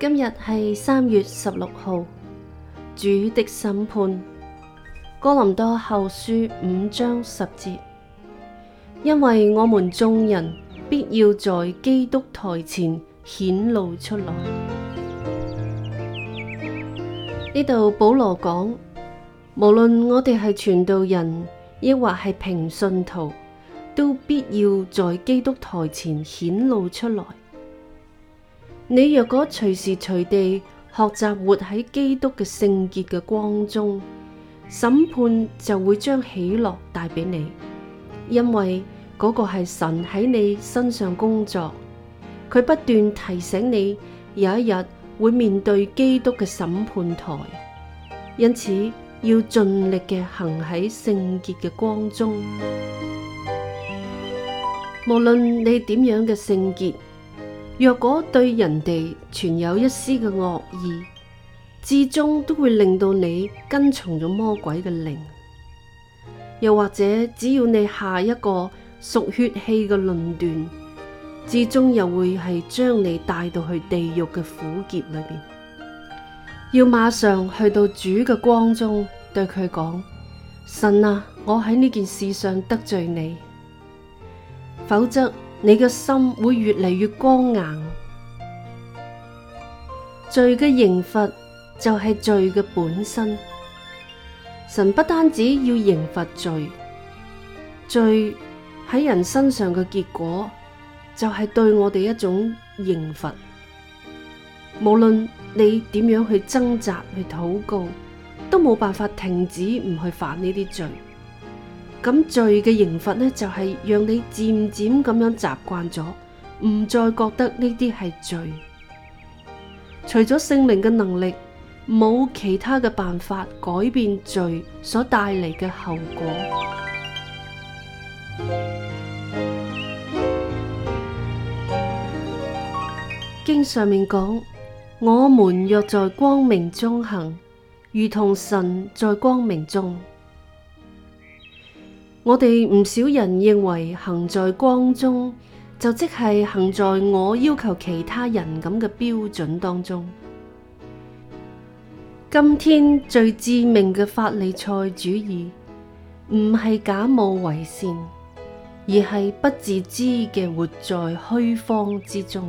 今日係三月十六號，主的審判，哥林多後書五章十節，因為我們眾人必要在基督台前顯露出來。呢度保羅講，無論我哋係傳道人，抑或係平信徒，都必要在基督台前顯露出來。你若果隨時隨地學習活喺基督嘅聖潔嘅光中，審判就會將喜樂帶俾你，因為嗰個係神喺你身上工作，佢不斷提醒你有一日會面對基督嘅審判台，因此要盡力嘅行喺聖潔嘅光中，無論你點樣嘅聖潔。若果對人哋存有一絲嘅惡意，至終都會令到你跟從咗魔鬼嘅靈；又或者只要你下一個屬血氣嘅論斷，至終又會係將你帶到去地獄嘅苦劫裏邊。要馬上去到主嘅光中，對佢講：神啊，我喺呢件事上得罪你，否則。你嘅心會越嚟越剛硬，罪嘅刑罰就係罪嘅本身。神不單止要刑罰罪，罪喺人身上嘅結果就係對我哋一種刑罰。無論你點樣去掙扎、去禱告，都冇辦法停止唔去犯呢啲罪。咁罪嘅刑罰呢，就係讓你漸漸咁樣習慣咗，唔再覺得呢啲係罪。除咗聖靈嘅能力，冇其他嘅辦法改變罪所帶嚟嘅後果。經上面講，我們若在光明中行，如同神在光明中。我哋唔少人認為行在光中，就即係行在我要求其他人咁嘅標準當中。今天最致命嘅法利賽主義，唔係假冒為善，而係不自知嘅活在虛荒之中。